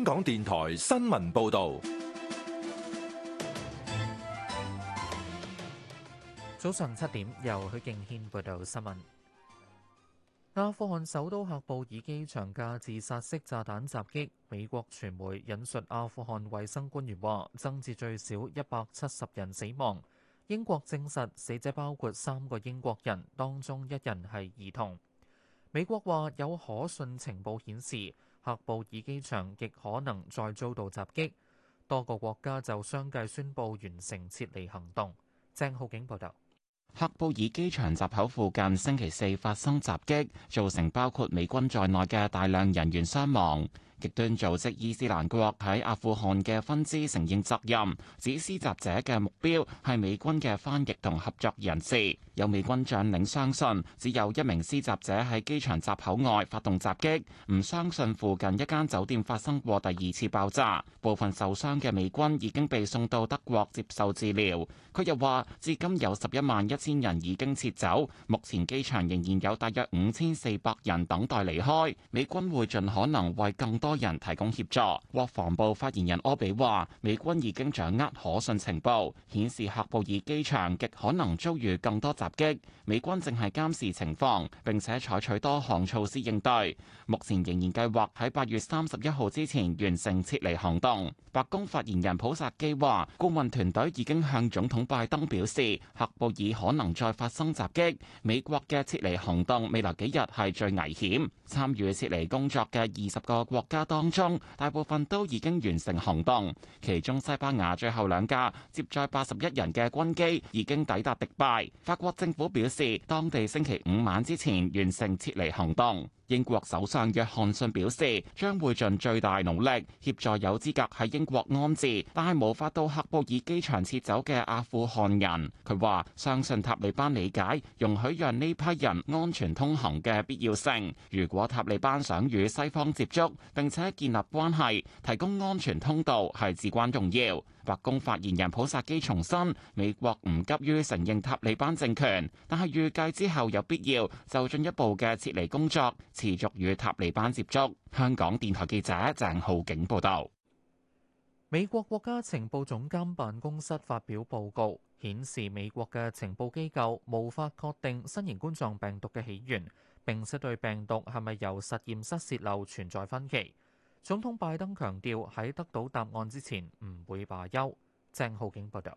香港電台新聞報道，早上七點，由許敬軒報道新聞。阿富汗首都喀布爾機場嘅自殺式炸彈襲擊，美國傳媒引述阿富汗衛生官員話，增至最少一百七十人死亡。英國證實死者包括三個英國人，當中一人係兒童。美國話有可信情報顯示。喀布爾機場亦可能再遭到襲擊，多個國家就相繼宣布完成撤離行動。鄭浩景報道：喀布爾機場閘口附近星期四發生襲擊，造成包括美軍在內嘅大量人員傷亡。極端組織伊斯蘭國喺阿富汗嘅分支承認責任，指施襲者嘅目標係美軍嘅翻譯同合作人士。有美軍將領相信只有一名施襲者喺機場閘口外發動襲擊，唔相信附近一間酒店發生過第二次爆炸。部分受傷嘅美軍已經被送到德國接受治療。佢又話，至今有十一萬一千人已經撤走，目前機場仍然有大約五千四百人等待離開。美軍會盡可能為更多多人提供協助。國防部發言人柯比話，美軍已經掌握可信情報，顯示喀布爾機場極可能遭遇更多襲擊。美軍正係監視情況，並且採取多項措施應對。目前仍然計劃喺八月三十一號之前完成撤離行動。白宮發言人普薩基話，顧問團隊已經向總統拜登表示，喀布爾可能再發生襲擊。美國嘅撤離行動未來幾日係最危險。參與撤離工作嘅二十個國家。當中大部分都已經完成行動，其中西班牙最後兩架接載八十一人嘅軍機已經抵達迪拜。法國政府表示，當地星期五晚之前完成撤離行動。英國首相約翰遜表示，將會盡最大努力協助有資格喺英國安置，但係無法到喀布爾機場撤走嘅阿富汗人。佢話：相信塔利班理解容許讓呢批人安全通行嘅必要性。如果塔利班想與西方接觸並且建立關係，提供安全通道係至關重要。白宮發言人普薩基重申，美國唔急於承認塔利班政權，但係預計之後有必要就進一步嘅撤離工作持續與塔利班接觸。香港電台記者鄭浩景報道，美國國家情報總監辦公室發表報告，顯示美國嘅情報機構無法確定新型冠狀病毒嘅起源，並且對病毒係咪由實驗室洩漏存在分歧。總統拜登強調，喺得到答案之前唔會罷休。鄭浩景報道。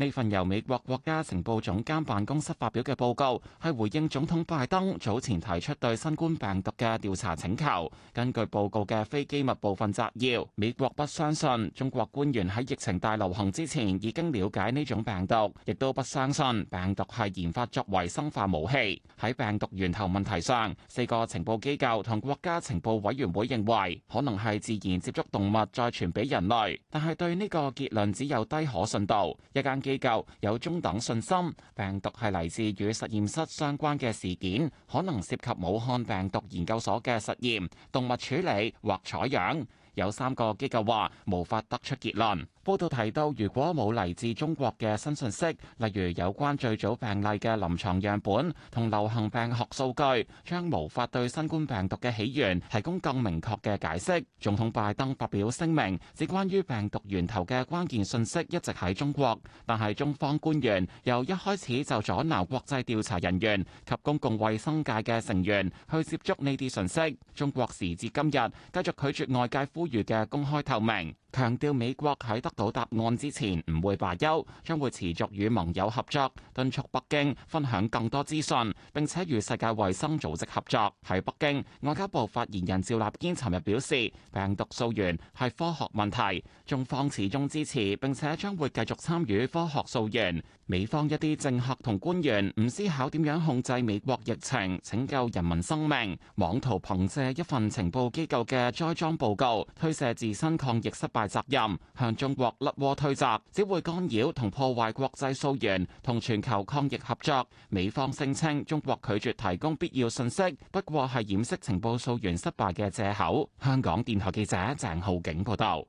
呢份由美國國家情報總監辦公室發表嘅報告，係回應總統拜登早前提出對新冠病毒嘅調查請求。根據報告嘅非機密部分摘要，美國不相信中國官員喺疫情大流行之前已經瞭解呢種病毒，亦都不相信病毒係研發作為生化武器。喺病毒源頭問題上，四個情報機構同國家情報委員會認為可能係自然接觸動物再傳俾人類，但係對呢個結論只有低可信度。一間機構有中等信心，病毒係嚟自與實驗室相關嘅事件，可能涉及武漢病毒研究所嘅實驗、動物處理或採樣。有三個機構話無法得出結論。報道提到，如果冇嚟自中國嘅新信息，例如有關最早病例嘅臨床樣本同流行病學數據，將無法對新冠病毒嘅起源提供更明確嘅解釋。總統拜登發表聲明，指關於病毒源頭嘅關鍵信息一直喺中國，但係中方官員由一開始就阻撓國際調查人員及公共衛生界嘅成員去接觸呢啲信息。中國時至今日繼續拒絕外界呼籲嘅公開透明。強調美國喺得到答案之前唔會罷休，將會持續與盟友合作，敦促北京分享更多資訊，並且與世界衛生組織合作。喺北京，外交部發言人趙立堅尋日表示，病毒溯源係科學問題，中方始終支持，並且將會繼續參與科學溯源。美方一啲政客同官員唔思考點樣控制美國疫情，拯救人民生命，妄圖憑借一份情報機構嘅栽贓報告，推卸自身抗疫失敗大責任，向中國甩鍋推責，只會干擾同破壞國際溯源同全球抗疫合作。美方聲稱中國拒絕提供必要信息，不過係掩飾情報溯源失敗嘅藉口。香港電台記者鄭浩景報道。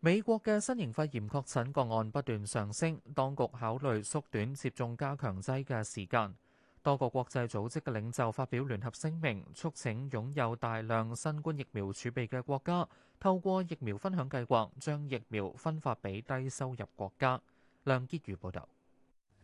美國嘅新型肺炎確診個案不斷上升，當局考慮縮短接種加強劑嘅時間。多個國際組織嘅領袖發表聯合聲明，促請擁有大量新冠疫苗儲備嘅國家透過疫苗分享計劃，將疫苗分發俾低收入國家。梁潔如報道。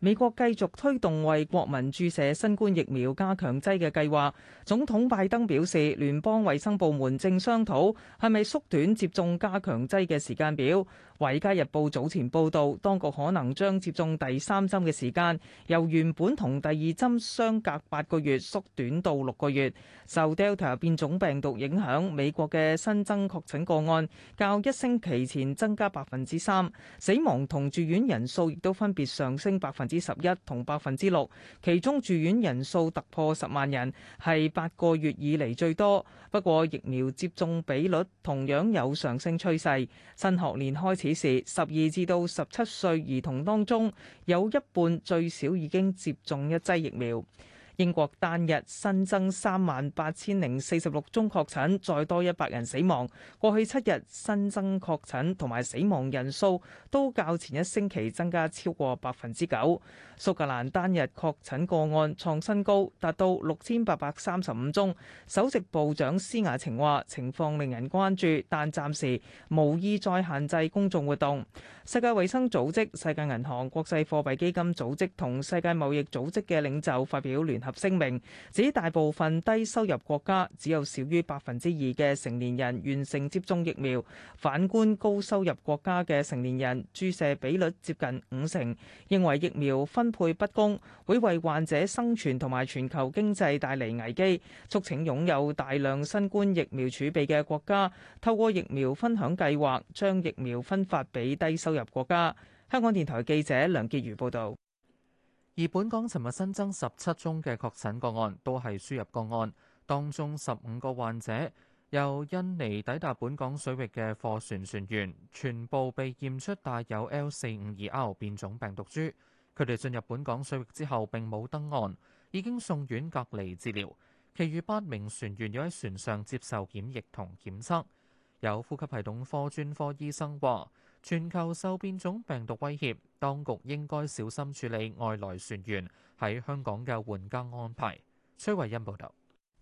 美國繼續推動為國民注射新冠疫苗加強劑嘅計劃。總統拜登表示，聯邦衛生部門正商討係咪縮短接種加強劑嘅時間表。《衞加日報》早前報道，當局可能將接種第三針嘅時間由原本同第二針相隔八個月縮短到六個月。受 Delta 變種病毒影響，美國嘅新增確診個案較一星期前增加百分之三，死亡同住院人數亦都分別上升百分之十一同百分之六，其中住院人數突破十萬人，係八個月以嚟最多。不過疫苗接種比率同樣有上升趨勢，新學年開始時十二至到十七歲兒童當中，有一半最少已經接種一劑疫苗。英國單日新增三萬八千零四十六宗確診，再多一百人死亡。過去七日新增確診同埋死亡人數都較前一星期增加超過百分之九。蘇格蘭單日確診個案創新高，達到六千八百三十五宗。首席部長施雅晴話：情況令人關注，但暫時無意再限制公眾活動。世界衛生組織、世界銀行、國際貨幣基金組織同世界貿易組織嘅領袖發表聯合聲明指大部分低收入國家只有少於百分之二嘅成年人完成接種疫苗，反觀高收入國家嘅成年人注射比率接近五成。認為疫苗分配不公，會為患者生存同埋全球經濟帶嚟危機，促請擁有大量新冠疫苗儲備嘅國家透過疫苗分享計劃，將疫苗分發俾低收入國家。香港電台記者梁潔如報導。而本港尋日新增十七宗嘅確診個案，都係輸入個案。當中十五個患者由印尼抵達本港水域嘅貨船船員，全部被驗出帶有 L452R 變種病毒株。佢哋進入本港水域之後並冇登岸，已經送院隔離治療。其餘八名船員要喺船上接受檢疫同檢測。有呼吸系統科專科醫生話：全球受變種病毒威脅，當局應該小心處理外來船員喺香港嘅換更安排。崔惠印報導，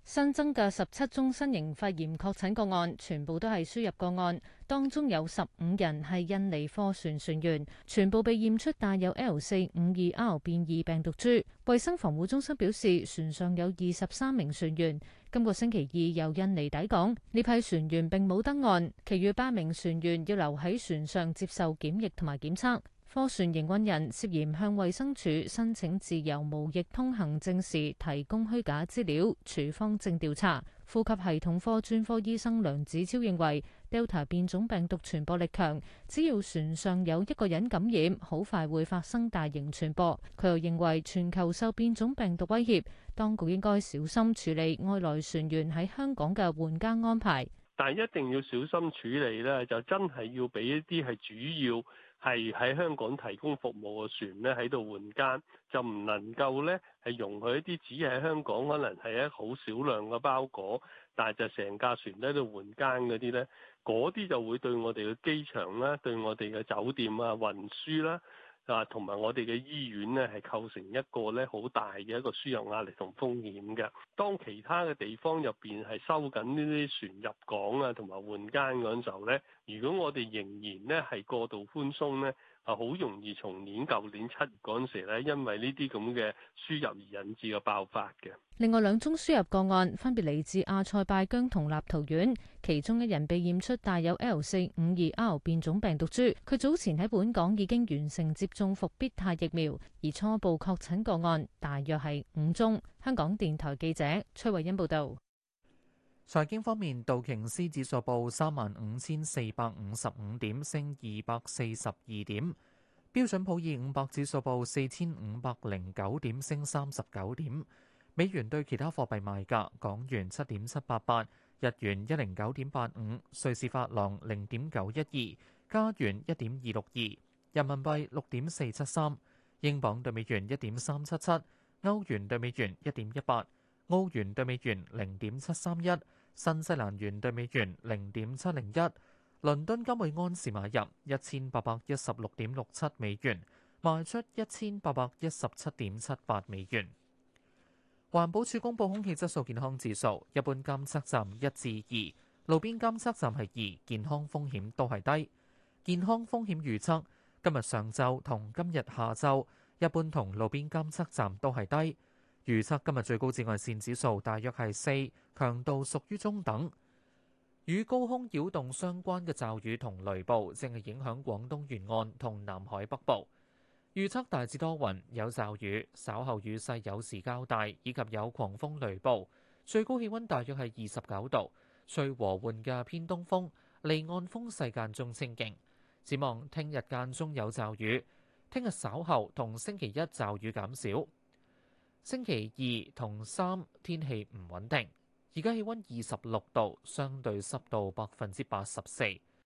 新增嘅十七宗新型肺炎確診個案全部都係輸入個案，當中有十五人係印尼貨船船員，全部被驗出帶有 L 四五二 R 變異病毒株。衛生防護中心表示，船上有二十三名船員。今個星期二由印尼抵港，呢批船員並冇登岸，其餘八名船員要留喺船上接受檢疫同埋檢測。貨船營運人涉嫌向衛生署申請自由無疫通行證時提供虛假資料，處方正調查。呼吸系統科專科醫生梁子超認為，Delta 變種病毒傳播力強，只要船上有一個人感染，好快會發生大型傳播。佢又認為全球受變種病毒威脅，當局應該小心處理外來船員喺香港嘅換家安排。但一定要小心處理呢，就真係要俾一啲係主要。係喺香港提供服務嘅船咧，喺度換更就唔能夠咧，係容許一啲只係喺香港可能係一好少量嘅包裹，但係就成架船喺度換更嗰啲咧，嗰啲就會對我哋嘅機場啦，對我哋嘅酒店啊，運輸啦、啊。啊，同埋我哋嘅醫院咧，係構成一個咧好大嘅一個輸入壓力同風險嘅。當其他嘅地方入邊係收緊呢啲船入港啊，同埋換間嗰陣時候咧，如果我哋仍然咧係過度寬鬆咧。啊！好容易從年舊年七月嗰陣時咧，因為呢啲咁嘅輸入而引致嘅爆發嘅。另外兩宗輸入個案分別嚟自阿塞拜疆同立圖縣，其中一人被驗出帶有 L 四五二 R 變種病毒株，佢早前喺本港已經完成接種復必泰疫苗，而初步確診個案大約係五宗。香港電台記者崔慧欣報道。財經方面，道瓊斯指數報三萬五千四百五十五點，升二百四十二點；標準普爾五百指數報四千五百零九點，升三十九點。美元對其他貨幣賣價：港元七點七八八，日元一零九點八五，瑞士法郎零點九一二，加元一點二六二，人民幣六點四七三，英鎊對美元一點三七七，歐元對美元一點一八，澳元對美元零點七三一。新西蘭元對美元零點七零一，倫敦金每安士買入一千八百一十六點六七美元，賣出一千八百一十七點七八美元。環保署公布空氣質素健康指數，一般監測站一至二，路邊監測站係二，健康風險都係低。健康風險預測，今，上今日上晝同今日下晝，一般同路邊監測站都係低。預測今日最高紫外線指數大約係四，強度屬於中等。與高空擾動相關嘅驟雨同雷暴正係影響廣東沿岸同南海北部。預測大致多雲，有驟雨，稍後雨勢有時較大，以及有狂風雷暴。最高氣溫大約係二十九度，吹和緩嘅偏東風，離岸風勢間中清勁。展望聽日間中有驟雨，聽日稍後同星期一驟雨減少。星期二同三，天氣唔穩定，而家氣温二十六度，相對濕度百分之八十四。